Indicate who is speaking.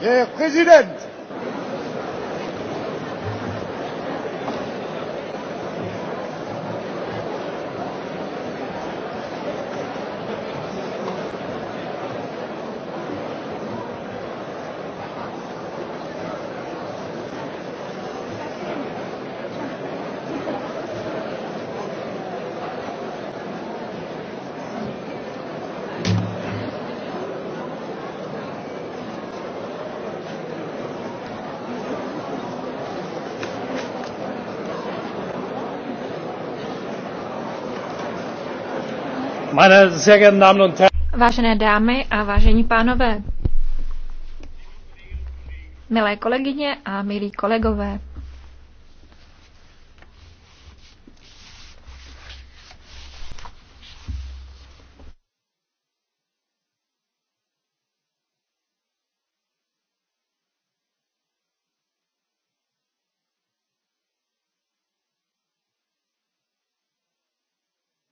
Speaker 1: Herr Präsident!
Speaker 2: Vážené dámy a
Speaker 3: vážení pánové, milé kolegyně a milí kolegové,